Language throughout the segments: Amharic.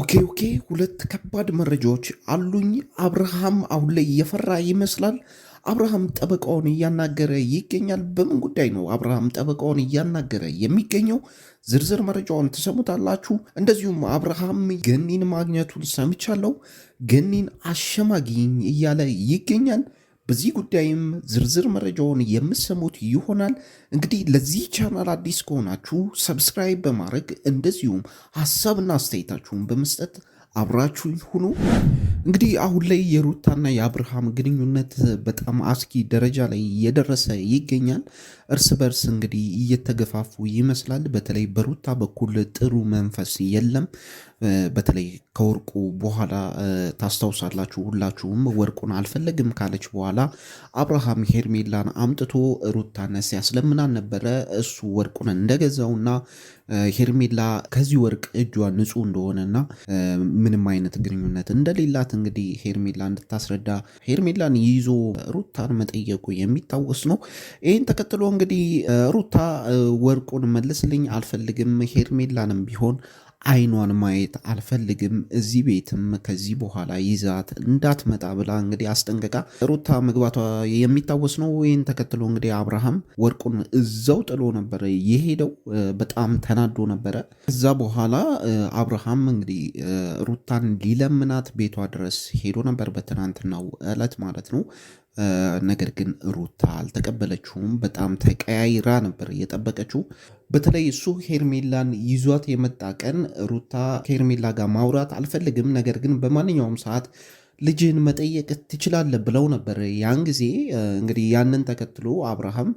ኦኬ ኦኬ፣ ሁለት ከባድ መረጃዎች አሉኝ። አብርሃም አሁን ላይ እየፈራ ይመስላል። አብርሃም ጠበቃውን እያናገረ ይገኛል። በምን ጉዳይ ነው አብርሃም ጠበቃውን እያናገረ የሚገኘው? ዝርዝር መረጃውን ትሰሙታላችሁ። እንደዚሁም አብርሃም ገኒን ማግኘቱን ሰምቻለሁ። ገኒን አሸማጊኝ እያለ ይገኛል። በዚህ ጉዳይም ዝርዝር መረጃውን የምሰሙት ይሆናል። እንግዲህ ለዚህ ቻናል አዲስ ከሆናችሁ ሰብስክራይብ በማድረግ እንደዚሁም ሀሳብና አስተያየታችሁን በመስጠት አብራችሁኝ ሁኑ። እንግዲህ አሁን ላይ የሩታና የአብርሃም ግንኙነት በጣም አስጊ ደረጃ ላይ የደረሰ ይገኛል። እርስ በርስ እንግዲህ እየተገፋፉ ይመስላል። በተለይ በሩታ በኩል ጥሩ መንፈስ የለም። በተለይ ከወርቁ በኋላ ታስታውሳላችሁ ሁላችሁም ወርቁን አልፈለግም ካለች በኋላ አብርሃም ሄርሜላን አምጥቶ ሩታን ሲያስለምናን ነበረ። እሱ ወርቁን እንደገዛውና ሄርሜላ ከዚህ ወርቅ እጇ ንጹሕ እንደሆነና ምንም አይነት ግንኙነት እንደሌላት እንግዲህ ሄርሜላ እንድታስረዳ ሄርሜላን ይዞ ሩታን መጠየቁ የሚታወስ ነው። ይህን ተከትሎ እንግዲህ ሩታ ወርቁን መልስልኝ አልፈልግም ሄርሜላንም ቢሆን አይኗን ማየት አልፈልግም፣ እዚህ ቤትም ከዚህ በኋላ ይዛት እንዳትመጣ ብላ እንግዲህ አስጠንቅቃ ሩታ መግባቷ የሚታወስ ነው። ይህን ተከትሎ እንግዲህ አብርሃም ወርቁን እዛው ጥሎ ነበረ የሄደው። በጣም ተናዶ ነበረ። ከዛ በኋላ አብርሃም እንግዲህ ሩታን ሊለምናት ቤቷ ድረስ ሄዶ ነበር፣ በትናንትናው ዕለት ማለት ነው። ነገር ግን ሩታ አልተቀበለችውም። በጣም ተቀያይራ ነበር እየጠበቀችው። በተለይ እሱ ሄርሜላን ይዟት የመጣ ቀን ሩታ ከሄርሜላ ጋር ማውራት አልፈልግም፣ ነገር ግን በማንኛውም ሰዓት ልጅን መጠየቅ ትችላለህ ብለው ነበር። ያን ጊዜ እንግዲህ ያንን ተከትሎ አብርሃም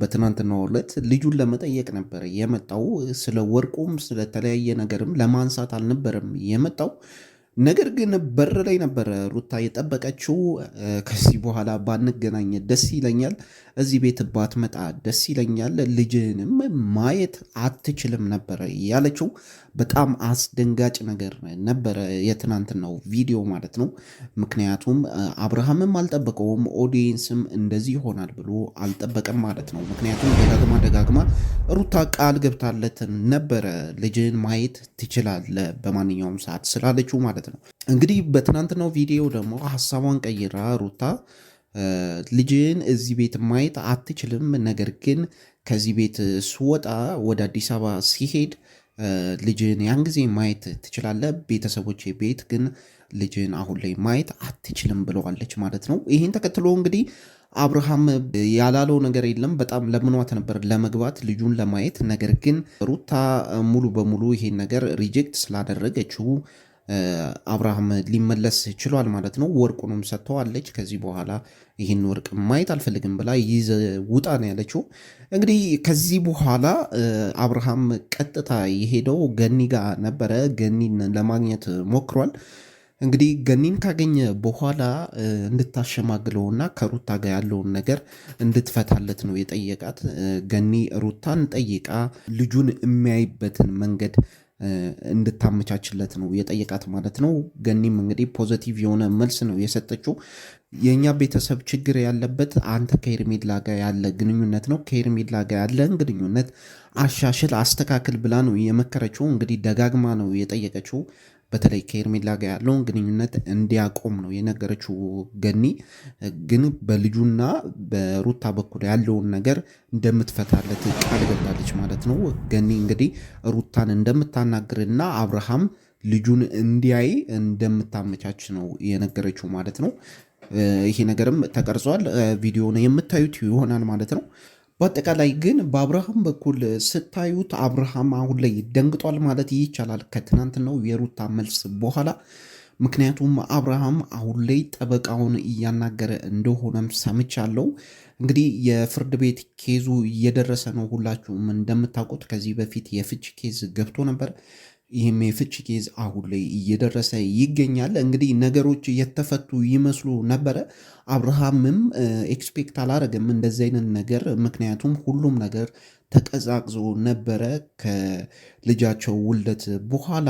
በትናንትናው ዕለት ልጁን ለመጠየቅ ነበር የመጣው። ስለ ወርቁም ስለተለያየ ነገርም ለማንሳት አልነበረም የመጣው ነገር ግን በር ላይ ነበረ ሩታ የጠበቀችው። ከዚህ በኋላ ባንገናኘ ደስ ይለኛል። እዚህ ቤት ባትመጣ ደስ ይለኛል፣ ልጅንም ማየት አትችልም ነበረ ያለችው። በጣም አስደንጋጭ ነገር ነበረ የትናንትናው ቪዲዮ ማለት ነው። ምክንያቱም አብርሃምም አልጠበቀውም፣ ኦዲየንስም እንደዚህ ይሆናል ብሎ አልጠበቀም ማለት ነው። ምክንያቱም ደጋግማ ደጋግማ ሩታ ቃል ገብታለት ነበረ ልጅን ማየት ትችላለ በማንኛውም ሰዓት ስላለችው ማለት ነው። እንግዲህ በትናንትናው ቪዲዮ ደግሞ ሀሳቧን ቀይራ ሩታ ልጅን እዚህ ቤት ማየት አትችልም፣ ነገር ግን ከዚህ ቤት ስወጣ ወደ አዲስ አበባ ሲሄድ ልጅን ያን ጊዜ ማየት ትችላለህ፣ ቤተሰቦች ቤት ግን ልጅን አሁን ላይ ማየት አትችልም ብለዋለች ማለት ነው። ይህን ተከትሎ እንግዲህ አብርሃም ያላለው ነገር የለም። በጣም ለምኗት ነበር ለመግባት ልጁን ለማየት ነገር ግን ሩታ ሙሉ በሙሉ ይሄን ነገር ሪጀክት ስላደረገችው አብርሃም ሊመለስ ችሏል ማለት ነው። ወርቁንም ሰጥተዋለች። ከዚህ በኋላ ይህን ወርቅ ማየት አልፈልግም ብላ ይዘ ውጣ ነው ያለችው። እንግዲህ ከዚህ በኋላ አብርሃም ቀጥታ የሄደው ገኒ ጋር ነበረ። ገኒን ለማግኘት ሞክሯል። እንግዲህ ገኒን ካገኘ በኋላ እንድታሸማግለውና ከሩታ ጋር ያለውን ነገር እንድትፈታለት ነው የጠየቃት። ገኒ ሩታን ጠይቃ ልጁን የሚያይበትን መንገድ እንድታመቻችለት ነው የጠየቃት ማለት ነው። ገኒም እንግዲህ ፖዘቲቭ የሆነ መልስ ነው የሰጠችው። የእኛ ቤተሰብ ችግር ያለበት አንተ ከሄርሜላ ጋር ያለ ግንኙነት ነው። ከሄርሜላ ጋር ያለን ግንኙነት አሻሽል፣ አስተካክል ብላ ነው የመከረችው። እንግዲህ ደጋግማ ነው የጠየቀችው። በተለይ ከኤርሜላ ጋር ያለውን ግንኙነት እንዲያቆም ነው የነገረችው። ገኒ ግን በልጁና በሩታ በኩል ያለውን ነገር እንደምትፈታለት ቃል ገብታለች ማለት ነው። ገኒ እንግዲህ ሩታን እንደምታናግርና አብርሃም ልጁን እንዲያይ እንደምታመቻች ነው የነገረችው ማለት ነው። ይሄ ነገርም ተቀርጿል። ቪዲዮ የምታዩት ይሆናል ማለት ነው። በአጠቃላይ ግን በአብርሃም በኩል ስታዩት አብርሃም አሁን ላይ ደንግጧል ማለት ይቻላል ከትናንትናው የሩታ መልስ በኋላ። ምክንያቱም አብርሃም አሁን ላይ ጠበቃውን እያናገረ እንደሆነም ሰምቻለሁ። እንግዲህ የፍርድ ቤት ኬዙ እየደረሰ ነው። ሁላችሁም እንደምታውቁት ከዚህ በፊት የፍች ኬዝ ገብቶ ነበር። ይህም የፍች ኬዝ አሁን ላይ እየደረሰ ይገኛል። እንግዲህ ነገሮች የተፈቱ ይመስሉ ነበረ። አብርሃምም ኤክስፔክት አላረግም እንደዚህ አይነት ነገር፣ ምክንያቱም ሁሉም ነገር ተቀዛቅዞ ነበረ። ከልጃቸው ውልደት በኋላ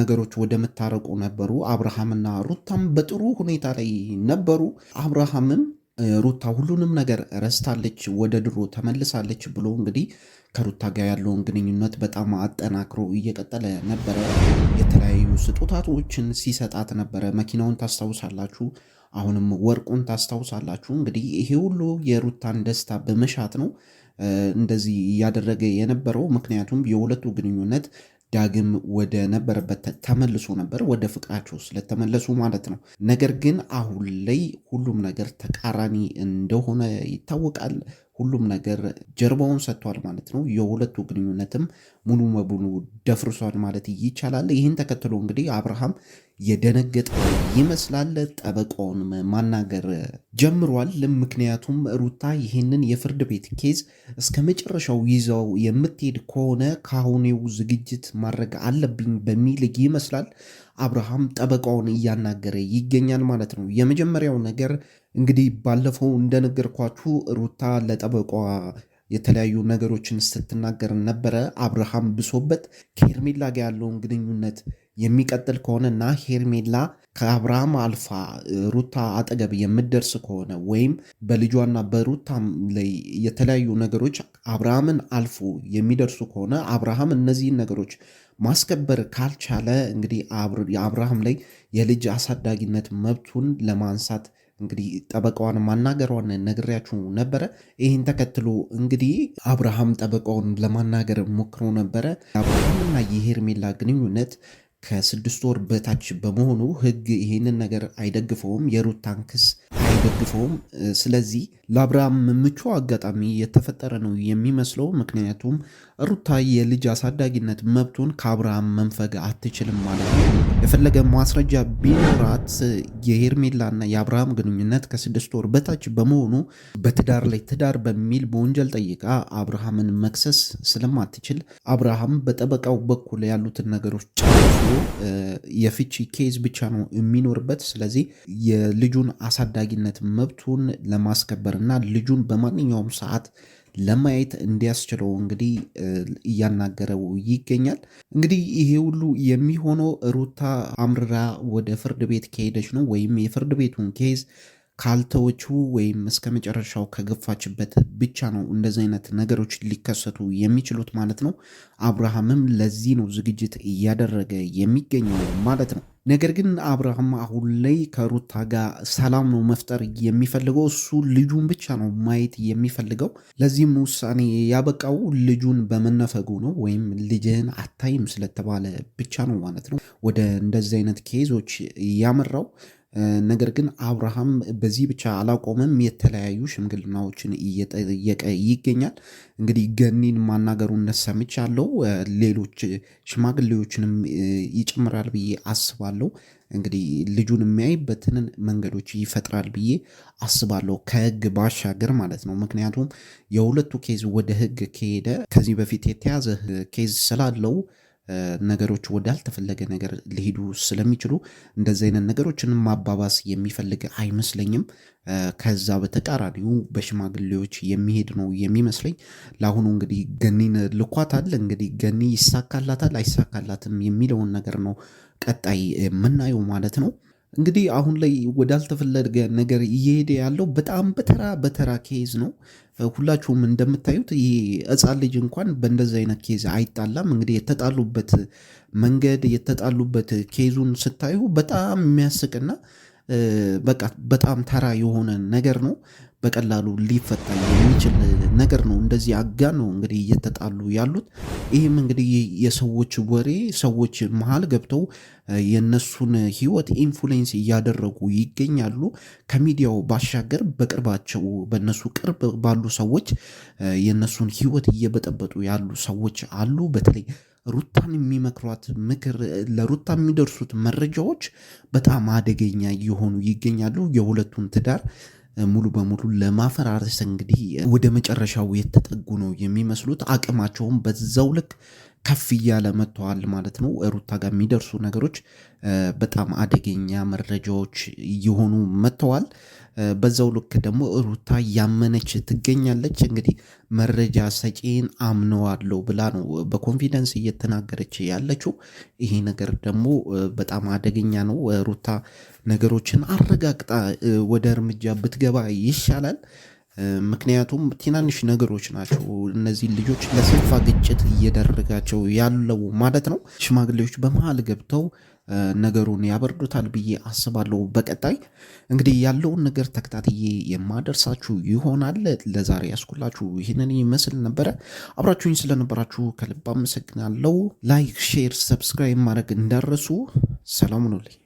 ነገሮች ወደ መታረቁ ነበሩ። አብርሃምና ሩታም በጥሩ ሁኔታ ላይ ነበሩ። አብርሃምም ሩታ ሁሉንም ነገር ረስታለች፣ ወደ ድሮ ተመልሳለች ብሎ እንግዲህ ከሩታ ጋር ያለውን ግንኙነት በጣም አጠናክሮ እየቀጠለ ነበረ። የተለያዩ ስጦታቶችን ሲሰጣት ነበረ። መኪናውን ታስታውሳላችሁ፣ አሁንም ወርቁን ታስታውሳላችሁ። እንግዲህ ይሄ ሁሉ የሩታን ደስታ በመሻት ነው እንደዚህ እያደረገ የነበረው ምክንያቱም የሁለቱ ግንኙነት ዳግም ወደ ነበረበት ተመልሶ ነበር፣ ወደ ፍቅራቸው ስለተመለሱ ማለት ነው። ነገር ግን አሁን ላይ ሁሉም ነገር ተቃራኒ እንደሆነ ይታወቃል። ሁሉም ነገር ጀርባውን ሰጥቷል ማለት ነው። የሁለቱ ግንኙነትም ሙሉ በሙሉ ደፍርሷል ማለት ይቻላል። ይህን ተከትሎ እንግዲህ አብርሃም የደነገጠ ይመስላል። ጠበቃውን ማናገር ጀምሯል። ምክንያቱም ሩታ ይህንን የፍርድ ቤት ኬዝ እስከ መጨረሻው ይዘው የምትሄድ ከሆነ ከአሁኔው ዝግጅት ማድረግ አለብኝ በሚል ይመስላል አብርሃም ጠበቃውን እያናገረ ይገኛል ማለት ነው። የመጀመሪያው ነገር እንግዲህ ባለፈው እንደነገርኳችሁ ሩታ ለጠበቋ የተለያዩ ነገሮችን ስትናገር ነበረ። አብርሃም ብሶበት ከሄርሜላ ጋር ያለውን ግንኙነት የሚቀጥል ከሆነ እና ሄርሜላ ከአብርሃም አልፋ ሩታ አጠገብ የምደርስ ከሆነ ወይም በልጇና በሩታ ላይ የተለያዩ ነገሮች አብርሃምን አልፎ የሚደርሱ ከሆነ አብርሃም እነዚህን ነገሮች ማስከበር ካልቻለ እንግዲህ አብርሃም ላይ የልጅ አሳዳጊነት መብቱን ለማንሳት እንግዲህ ጠበቃዋን ማናገሯን ነግሬያችሁ ነበረ። ይህን ተከትሎ እንግዲህ አብርሃም ጠበቃውን ለማናገር ሞክሮ ነበረ። አብርሃምና የሄርሜላ ግንኙነት ከስድስት ወር በታች በመሆኑ ህግ ይህንን ነገር አይደግፈውም የሩታን ክስ አይደግፈውም። ስለዚህ ለአብርሃም ምቹ አጋጣሚ የተፈጠረ ነው የሚመስለው። ምክንያቱም ሩታ የልጅ አሳዳጊነት መብቱን ከአብርሃም መንፈግ አትችልም ማለት ነው። የፈለገ ማስረጃ ቢኖራት የሄርሜላና የአብርሃም ግንኙነት ከስድስት ወር በታች በመሆኑ በትዳር ላይ ትዳር በሚል በወንጀል ጠይቃ አብርሃምን መክሰስ ስለማትችል አብርሃም በጠበቃው በኩል ያሉትን ነገሮች ጨርሶ የፍቺ ኬዝ ብቻ ነው የሚኖርበት። ስለዚህ የልጁን አሳዳጊነት የባለቤትነት መብቱን ለማስከበርና ልጁን በማንኛውም ሰዓት ለማየት እንዲያስችለው እንግዲህ እያናገረው ይገኛል። እንግዲህ ይሄ ሁሉ የሚሆነው ሩታ አምርራ ወደ ፍርድ ቤት ከሄደች ነው ወይም የፍርድ ቤቱን ኬዝ ካልተወቹ ወይም እስከ መጨረሻው ከገፋችበት ብቻ ነው እንደዚህ አይነት ነገሮች ሊከሰቱ የሚችሉት ማለት ነው። አብርሃምም ለዚህ ነው ዝግጅት እያደረገ የሚገኘው ማለት ነው። ነገር ግን አብርሃም አሁን ላይ ከሩታ ጋር ሰላም ነው መፍጠር የሚፈልገው። እሱ ልጁን ብቻ ነው ማየት የሚፈልገው። ለዚህም ውሳኔ ያበቃው ልጁን በመነፈጉ ነው፣ ወይም ልጅህን አታይም ስለተባለ ብቻ ነው ማለት ነው ወደ እንደዚህ አይነት ኬዞች ያመራው። ነገር ግን አብርሃም በዚህ ብቻ አላቆመም። የተለያዩ ሽምግልናዎችን እየጠየቀ ይገኛል። እንግዲህ ገኒን ማናገሩን አለው። ሌሎች ሽማግሌዎችንም ይጨምራል ብዬ አስባለሁ። እንግዲህ ልጁን የሚያይበትን መንገዶች ይፈጥራል ብዬ አስባለሁ፣ ከህግ ባሻገር ማለት ነው። ምክንያቱም የሁለቱ ኬዝ ወደ ህግ ከሄደ ከዚህ በፊት የተያዘ ኬዝ ስላለው ነገሮች ወዳልተፈለገ ነገር ሊሄዱ ስለሚችሉ እንደዚህ አይነት ነገሮችን ማባባስ የሚፈልግ አይመስለኝም። ከዛ በተቃራኒው በሽማግሌዎች የሚሄድ ነው የሚመስለኝ። ለአሁኑ እንግዲህ ገኒን ልኳታል። እንግዲህ ገኒ ይሳካላታል አይሳካላትም የሚለውን ነገር ነው ቀጣይ የምናየው ማለት ነው። እንግዲህ አሁን ላይ ወዳልተፈለገ ነገር እየሄደ ያለው በጣም በተራ በተራ ኬዝ ነው። ሁላችሁም እንደምታዩት ይህ ሕፃን ልጅ እንኳን በእንደዚህ አይነት ኬዝ አይጣላም። እንግዲህ የተጣሉበት መንገድ የተጣሉበት ኬዙን ስታዩ በጣም የሚያስቅና በቃ በጣም ተራ የሆነ ነገር ነው። በቀላሉ ሊፈታ የሚችል ነገር ነው። እንደዚህ አጋ ነው እንግዲህ እየተጣሉ ያሉት። ይህም እንግዲህ የሰዎች ወሬ ሰዎች መሀል ገብተው የነሱን ህይወት ኢንፍሉዌንስ እያደረጉ ይገኛሉ። ከሚዲያው ባሻገር በቅርባቸው በነሱ ቅርብ ባሉ ሰዎች የነሱን ህይወት እየበጠበጡ ያሉ ሰዎች አሉ። በተለይ ሩታን የሚመክሯት ምክር ለሩታ የሚደርሱት መረጃዎች በጣም አደገኛ እየሆኑ ይገኛሉ። የሁለቱን ትዳር ሙሉ በሙሉ ለማፈራረስ እንግዲህ ወደ መጨረሻው የተጠጉ ነው የሚመስሉት። አቅማቸውም በዛው ልክ ከፍ እያለ መጥተዋል ማለት ነው። ሩታ ጋር የሚደርሱ ነገሮች በጣም አደገኛ መረጃዎች እየሆኑ መጥተዋል። በዛው ልክ ደግሞ ሩታ እያመነች ትገኛለች። እንግዲህ መረጃ ሰጪን አምነዋለሁ ብላ ነው በኮንፊደንስ እየተናገረች ያለችው። ይሄ ነገር ደግሞ በጣም አደገኛ ነው። ሩታ ነገሮችን አረጋግጣ ወደ እርምጃ ብትገባ ይሻላል። ምክንያቱም ትናንሽ ነገሮች ናቸው እነዚህ ልጆች ለሰፋ ግጭት እየደረጋቸው ያለው ማለት ነው። ሽማግሌዎች በመሀል ገብተው ነገሩን ያበርዱታል ብዬ አስባለሁ። በቀጣይ እንግዲህ ያለውን ነገር ተከታትዬ የማደርሳችሁ ይሆናል። ለዛሬ ያስኩላችሁ ይህንን ይመስል ነበረ። አብራችሁኝ ስለነበራችሁ ከልብ አመሰግናለሁ። ላይክ፣ ሼር፣ ሰብስክራይብ ማድረግ እንዳረሱ። ሰላም ሁኑልኝ።